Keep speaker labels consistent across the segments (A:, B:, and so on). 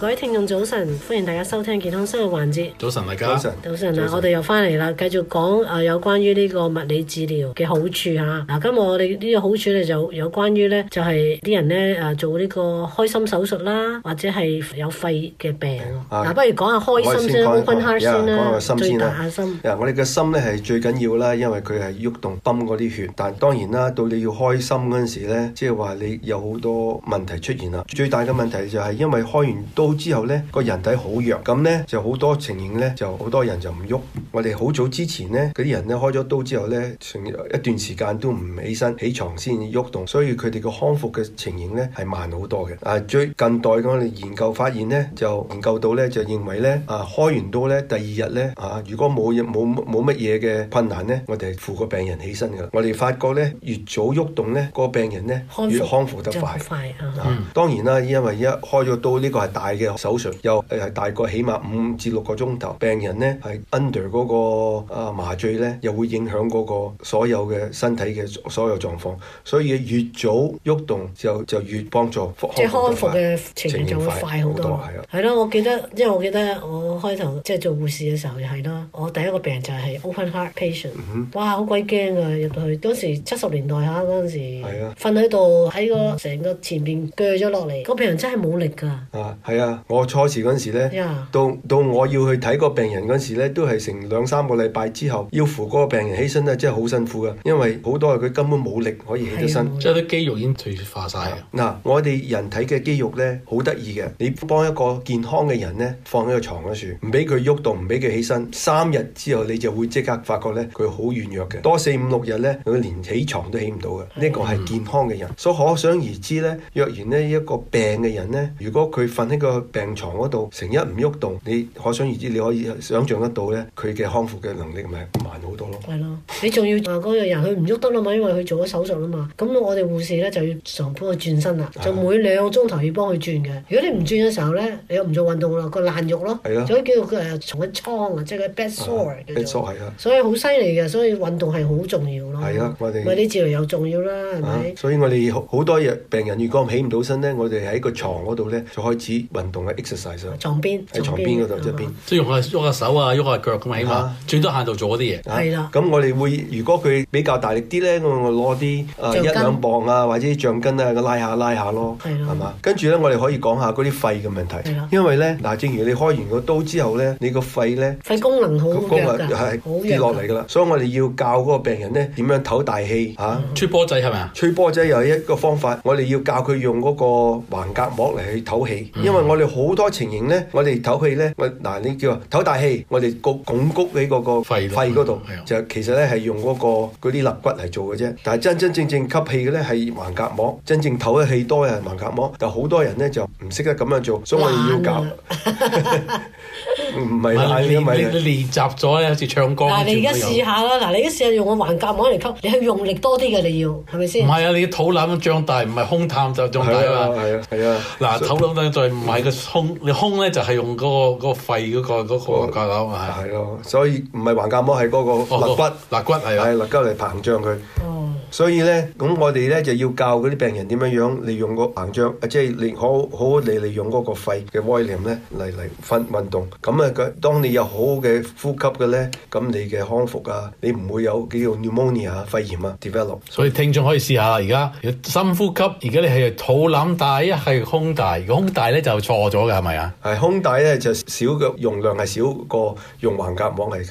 A: 各位聽眾早晨，歡迎大家收聽健康生活環節。
B: 早晨，咪家早
A: 晨，早晨啊，早我哋又翻嚟啦，繼續講、呃、有關於呢個物理治療嘅好處吓。嗱、啊，今日我哋呢個好處咧就有關於咧，就係、是、啲人咧誒做呢個開心手術啦，或者係有肺嘅病嗱、啊啊，不如講，講，開開 open heart、啊、scene, yeah, 講下開心先，分下先啦，最打下心。
C: 嗱、啊，我哋嘅心咧係最緊要啦，因為佢係喐動泵嗰啲血。但當然啦，到你要開心嗰陣時咧，即係話你有好多問題出現啦。最大嘅問題就係因為開完刀。之後呢，個人體好弱，咁呢，就好多情形呢，就好多人就唔喐。我哋好早之前呢，嗰啲人呢，開咗刀之後呢，成一段時間都唔起身起床先喐動，所以佢哋個康復嘅情形呢，係慢好多嘅。啊，最近代我哋研究發現呢，就研究到呢，就認為呢，啊，開完刀呢，第二日呢，啊，如果冇冇乜嘢嘅困難呢，我哋扶個病人起身嘅。我哋發覺呢，越早喐動呢，個病人呢，康復越康復得快。當然啦，因為一開咗刀呢，個係大嘅手術又係大概起碼五至六個鐘頭，病人咧係 under 嗰個麻醉咧，又會影響嗰個所有嘅身體嘅所有狀況，所以越早喐動就就越幫助復康嘅情形就
A: 會快好多。係咯，我記得，因為我記得我開頭即係、就是、做護士嘅時候又係啦。我第一個病人就係 open heart patient，哇，好鬼驚啊入到去。當時七十年代下嗰陣時，係啊，瞓喺度喺個成個前邊鋸咗落嚟，個病人真係冇力噶。啊，
C: 係啊。我初時嗰時候呢 Yeah. 到，到我要去睇個病人嗰時候呢，都係成兩三個禮拜之後，要扶嗰個病人起身真係好辛苦噶。因為好多係佢根本冇力可以起得身，即
B: 係啲 Yeah. 肌肉已經退化晒。
C: 嗱的，我哋人體嘅肌肉呢，好得意嘅。你幫一個健康嘅人呢，放喺個床嗰度，唔俾佢喐動，唔俾佢起身，三日之後你就會即刻發覺呢，他佢好軟弱嘅。多四五六日呢，佢連起床都起唔到嘅。呢 Yeah. 個係健康嘅人，mm hmm. 所以可想而知呢，若然呢一個病嘅人呢，如果佢瞓喺個病床嗰度成日唔喐動，你可想而知，你可以想象得到咧，佢嘅康復嘅能力係咪？
A: 好多咯，係咯，你仲要話嗰個人佢唔喐得啦嘛，因為佢做咗手術啦嘛，咁我哋護士咧就要常幫佢轉身啦，就每兩個鐘頭要幫佢轉嘅。如果你唔轉嘅時候咧，你又唔做運動啦，個爛肉咯，所以叫佢誒從一瘡啊，即係個 bed sore 叫做。
C: bed sore 係啊，啊，啊，啊，啊，所
A: 以好犀利嘅，所以運動係好重要咯。係啊，我哋啲治療又重要啦，係咪、啊？
C: 所以我哋好多病人如果起唔到身咧，我哋喺個床嗰度咧就開始運動嘅 exercise 床邊喺牀邊嗰度側邊，即係、就是啊、用下喐下手啊，喐下腳咁起碼，最多、啊、限度做嗰啲嘢。啦，咁、啊、我哋會如果佢比較大力啲呢，我我攞啲一兩磅啊，或者橡筋啊，拉下拉下咯，係咯的，跟住呢，我哋可以講下嗰啲肺嘅問題，的因為呢，嗱，正如你開完個刀之後呢，你個肺呢，肺功能好弱㗎，好弱，跌落嚟㗎啦，所以我哋要教嗰個病人呢點樣唞大氣、啊嗯、
B: 吹波仔係咪啊？
C: 吹波仔又係一個方法，我哋要教佢用嗰個橫膈膜嚟去唞氣，嗯、因為我哋好多情形呢，我哋唞氣呢，我嗱你叫唞大氣，我哋拱谷喺嗰個肺度。嗯就其實咧係用嗰個嗰啲肋骨嚟做嘅啫，但係真真正正吸氣嘅咧係橫膈膜，真正唞嘅氣多嘅係橫膈膜。但好多人咧就唔識得咁樣做，所以要搞。唔係啊，你你練習咗啊，
B: 有次唱歌。你而家試下啦，嗱，你而家試下用個橫膈膜嚟吸，你係
A: 用力多啲嘅，你
B: 要係咪先？唔係啊，你肚腩脹大，唔係胸探就仲大嘛。係啊，係啊。
C: 嗱，肚腩
B: 咧就係唔係個胸，你
C: 胸咧就係用嗰個個肺嗰個個架構係咯，所以唔係橫膈膜係嗰肋骨，肋、哦那個、骨係係肋骨嚟膨脹佢，嗯、所以咧咁我哋咧就要教嗰啲病人點樣樣利用個膨脹，即、啊、係、就是、你好，好好地利，利用嗰個肺嘅威廉咧嚟嚟訓運動。咁啊，當你有好嘅呼吸嘅咧，咁你嘅康復啊，你唔會有叫做 pneumonia 肺炎啊 develop。
B: 所以聽眾可以試下啦，而家深呼吸，而家你係肚腩大一係胸大，如果胸大咧就錯咗嘅係咪啊？
C: 係胸大咧就少嘅容量係少過用橫隔膜嚟吸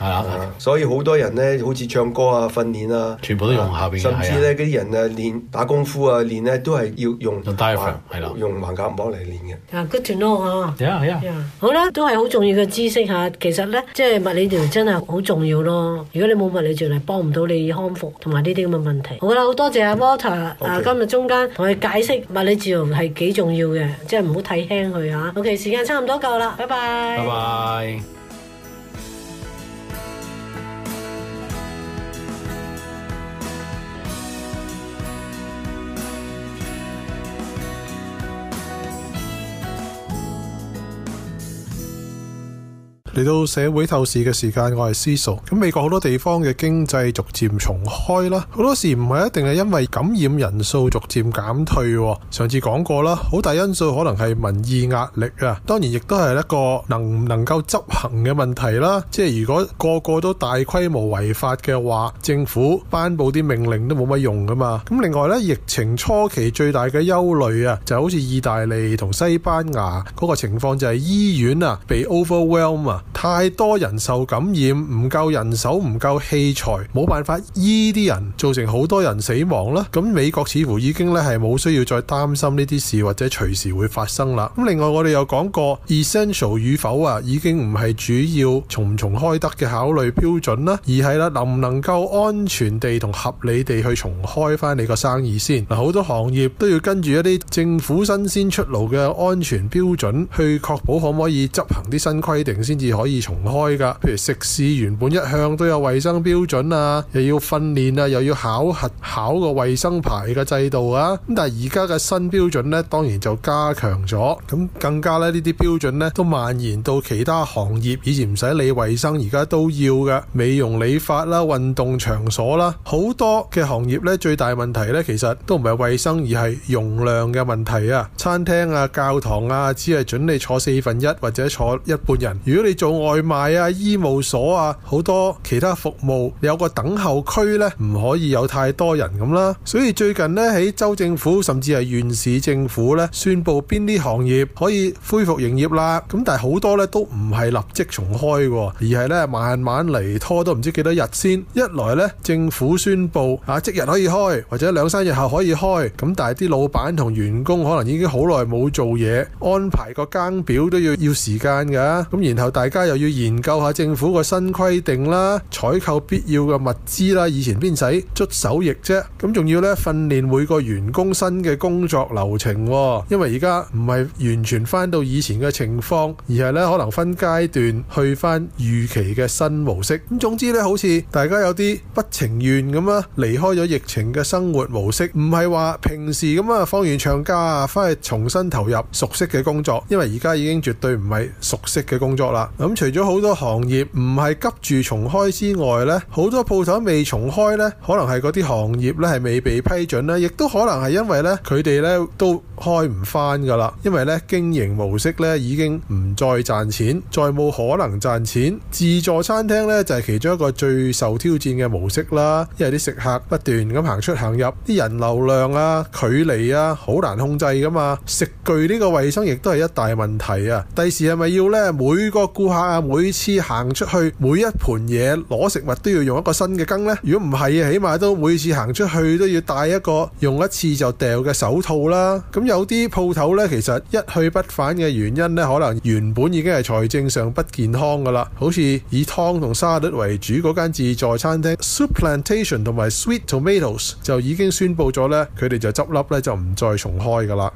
C: 係啊，啊啊所以好多人咧，好似唱歌啊、訓練啊，全部都用下邊、啊。甚至咧，嗰啲、啊、人啊練打功夫啊，練咧都係要用。用 d i v 係啦，用橫膈膜嚟練嘅。
A: 啊，good to know 啊。係啊，係啊。好啦，都係好重要嘅知識嚇。其實咧，即係物理治療真係好重要咯。如果你冇物理治療，幫唔到你康復同埋呢啲咁嘅問題。好啦，好多謝阿、啊、Walter Okay. 啊，今日中間同你解釋物理治療係幾重要嘅，即係唔好睇輕佢嚇。OK，時間差唔多夠啦，拜拜。
C: 拜拜。
D: 嚟到社會透視嘅時間，我係思瑤。咁美國好多地方嘅經濟逐漸重開啦，好多時唔係一定係因為感染人數逐漸減退。上次講過啦，好大因素可能係民意壓力啊。當然亦都係一個能唔能夠執行嘅問題啦。即係如果個個都大規模違法嘅話，政府頒布啲命令都冇乜用噶嘛。咁另外呢，疫情初期最大嘅憂慮啊，就好似意大利同西班牙嗰個情況，就係、是、醫院啊被 overwhelm 啊。太多人受感染，唔夠人手，唔夠器材，冇辦法醫啲人，造成好多人死亡啦。咁美國似乎已經咧係冇需要再擔心呢啲事，或者隨時會發生啦。咁另外我哋又講過，essential 與否啊，已經唔係主要重重開得嘅考慮標準啦，而係啦能唔能夠安全地同合理地去重開返你個生意先。嗱，好多行業都要跟住一啲政府新鮮出爐嘅安全標準去確保可唔可以執行啲新規定先至。可以重開噶，譬如食肆原本一向都有衛生標準啊，又要訓練啊，又要考核考個衛生牌嘅制度啊。咁但係而家嘅新標準咧，當然就加強咗，咁更加咧呢啲標準咧都蔓延到其他行業，以前唔使理衛生，而家都要㗎。美容理髮啦、運動場所啦，好多嘅行業咧最大問題咧，其實都唔係衛生而係容量嘅問題啊。餐廳啊、教堂啊，只係准你坐四分一或者坐一半人，如果你做外賣啊、醫務所啊、好多其他服務，有個等候區呢，唔可以有太多人咁啦。所以最近呢，喺州政府甚至係縣市政府呢，宣布邊啲行業可以恢復營業啦。咁但係好多呢，都唔係立即重開，而係呢，慢慢嚟拖都唔知幾多日先。一來呢，政府宣布啊，即日可以開或者兩三日後可以開，咁但係啲老闆同員工可能已經好耐冇做嘢，安排個更表都要要時間噶、啊。咁然後大。大家又要研究下政府嘅新規定啦，採購必要嘅物資啦，以前邊使捽手液啫？咁仲要咧訓練每個員工新嘅工作流程，因為而家唔係完全翻到以前嘅情況，而係咧可能分階段去翻預期嘅新模式。咁總之咧，好似大家有啲不情願咁啊，離開咗疫情嘅生活模式，唔係話平時咁啊放完長假啊，翻去重新投入熟悉嘅工作，因為而家已經絕對唔係熟悉嘅工作啦。咁除咗好多行業唔係急住重開之外呢，好多鋪頭未重開呢，可能係嗰啲行業呢係未被批准啦，亦都可能係因為呢佢哋呢都。開唔返噶啦，因為咧經營模式咧已經唔再賺錢，再冇可能賺錢。自助餐廳咧就係其中一個最受挑戰嘅模式啦，因為啲食客不斷咁行出行入，啲人流量啊、距離啊，好難控制噶嘛。食具呢個衛生亦都係一大問題啊。第時係咪要咧每個顧客啊，每次行出去每一盤嘢攞食物都要用一個新嘅羹呢？如果唔係，起碼都每次行出去都要戴一個用一次就掉嘅手套啦。咁有啲鋪頭咧，其實一去不返嘅原因咧，可能原本已經係財政上不健康噶啦。好似以湯同沙律為主嗰間自助餐廳 Soup Plantation 同埋 Sweet Tomatoes 就已經宣布咗咧，佢哋就執笠咧，就唔再重開噶啦。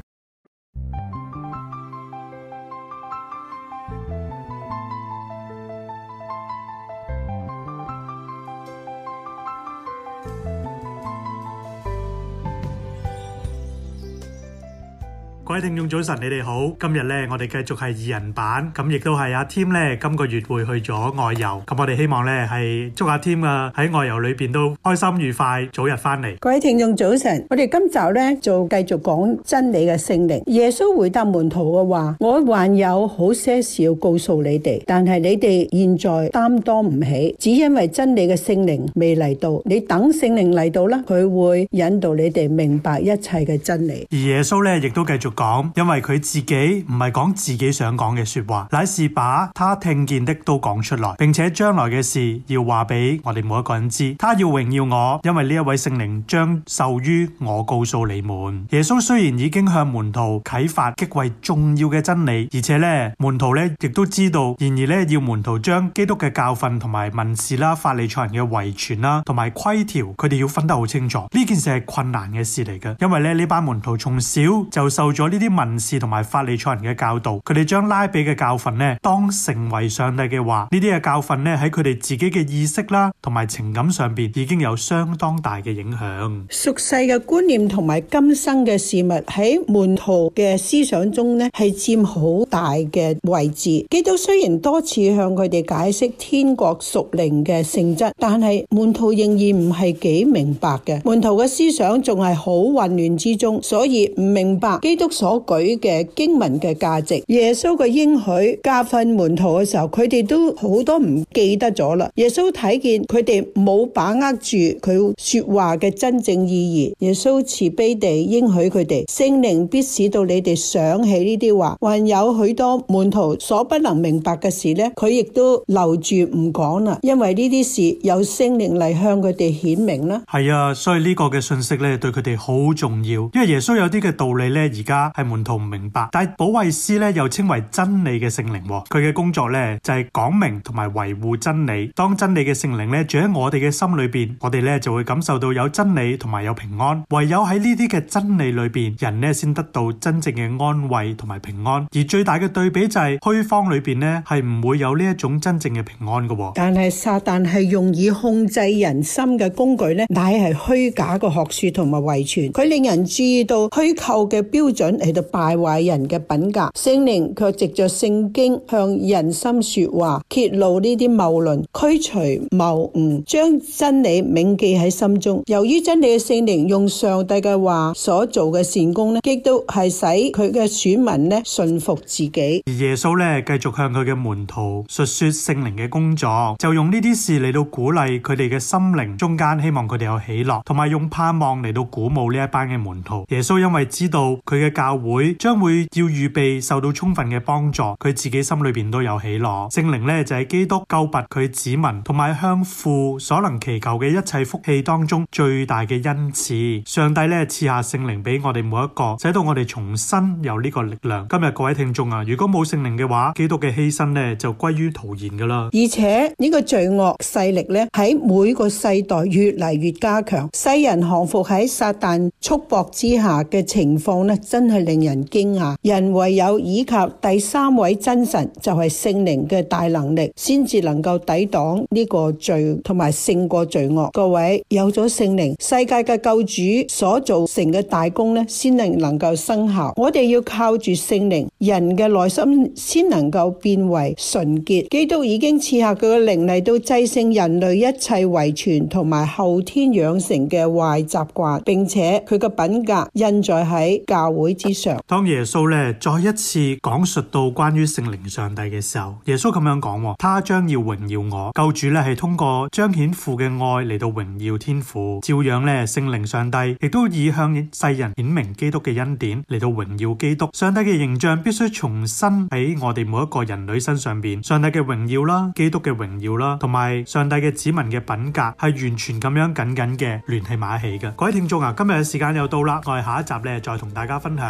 B: 各位聽眾早晨，你哋好。今日咧，我哋繼續係二人版，咁亦都係阿 Tim 咧，今個月會去咗外遊。咁我哋希望咧係祝阿 Tim 啊喺外遊裏邊都開心愉快，早日翻嚟。
E: 各位聽眾早晨，我哋今集咧就繼續講真理嘅聖靈。耶穌回答門徒嘅話：我還有好些事要告訴你哋，但係你哋現在擔當唔起，只因為真理嘅聖靈未嚟到。你等聖靈嚟到啦，佢會引導你哋明白一切嘅真理。
B: 而耶穌咧亦都繼續。講，因為佢自己唔係講自己想講嘅說話，乃是把他聽見的都講出來，並且將來嘅事要話俾我哋每一個人知。他要榮耀我，因為呢一位聖靈將受於我告訴你們。耶穌雖然已經向門徒啟發極為重要嘅真理，而且咧門徒咧亦都知道，然而咧要門徒將基督嘅教訓同埋民事啦、法利賽人嘅遺傳啦同埋規條，佢哋要分得好清楚。呢件事係困難嘅事嚟嘅，因為咧呢班門徒從小就受咗。呢啲民事同埋法利賽人嘅教導，佢哋將拉比嘅教訓咧當成為上帝嘅話，這些呢啲嘅教訓咧喺佢哋自己嘅意識啦同埋情感上邊已經有相當大嘅影響。
E: 俗世嘅觀念同埋今生嘅事物喺門徒嘅思想中咧係佔好大嘅位置。基督雖然多次向佢哋解釋天國屬靈嘅性質，但係門徒仍然唔係幾明白嘅。門徒嘅思想仲係好混亂之中，所以唔明白基督。所舉嘅經文嘅價值，耶穌嘅應許教訓門徒嘅時候，佢哋都好多唔記得咗啦。耶穌睇見佢哋冇把握住佢說話嘅真正意義，耶穌慈悲地應許佢哋，聖靈必使到你哋想起呢啲話。還有許多門徒所不能明白嘅事呢，佢亦都留住唔講啦，因為呢啲事有聖靈嚟向佢哋顯明啦。
B: 係啊，所以呢個嘅信息咧對佢哋好重要，因為耶穌有啲嘅道理咧而家。係門徒唔明白，但係保惠師咧又稱為真理嘅聖靈，佢嘅工作咧就係講明同埋維護真理。當真理嘅聖靈咧住喺我哋嘅心裏邊，我哋咧就會感受到有真理同埋有平安。唯有喺呢啲嘅真理裏邊，人咧先得到真正嘅安慰同埋平安。而最大嘅對比就係虛荒裏邊咧係唔會有呢一種真正嘅平安噶。
E: 但係撒但係用以控制人心嘅工具咧，乃係虛假嘅學說同埋遺傳，佢令人注意到虛構嘅標準。喺度敗壞人嘅品格，聖靈卻藉着聖經向人心說話，揭露呢啲謬論，驅除謬誤，將真理銘記喺心中。由於真理嘅聖靈用上帝嘅話所做嘅善功呢，亦都係使佢嘅選民呢信服自己。而
B: 耶穌咧繼續向佢嘅門徒述說聖靈嘅工作，就用呢啲事嚟到鼓勵佢哋嘅心靈，中間希望佢哋有喜樂，同埋用盼望嚟到鼓舞呢一班嘅門徒。耶穌因為知道佢嘅教教會將會要預備受到充分嘅幫助，佢自己心裏邊都有喜樂。聖靈咧就係基督救拔佢子民同埋向父所能祈求嘅一切福氣當中最大嘅恩賜。上帝咧賜下聖靈俾我哋每一個，使到我哋重新有呢個力量。今日各位聽眾啊，如果冇聖靈嘅話，基督嘅犧牲咧就歸於徒然
E: 噶啦。而且呢個罪惡勢力咧喺每個世代越嚟越加強，世人降服喺撒但束縛之下嘅情況咧真係。令人驚訝，人唯有以及第三位真神就係聖靈嘅大能力，先至能夠抵擋呢個罪同埋勝過罪惡。各位有咗聖靈，世界嘅救主所做成嘅大功呢先能能夠生效。我哋要靠住聖靈，人嘅內心先能夠變為純潔。基督已經賜下佢嘅靈嚟到制勝人類一切遺傳同埋後天養成嘅壞習慣，並且佢嘅品格印在喺教會之中。
B: 當耶穌咧，再一次講述到關於聖靈上帝嘅時候，耶穌咁樣講，他將要榮耀我。救主咧，係通過彰顯父嘅愛嚟到榮耀天父，照樣咧，聖靈上帝亦都以向世人顯明基督嘅恩典嚟到榮耀基督。上帝嘅形象必須重新喺我哋每一個人類身上面。上帝嘅榮耀啦，基督嘅榮耀啦，同埋上帝嘅子民嘅品格係完全咁樣緊緊嘅聯繫埋一起嘅。各位聽眾啊，今日嘅時間又到啦，我哋下一集咧，再同大家分享。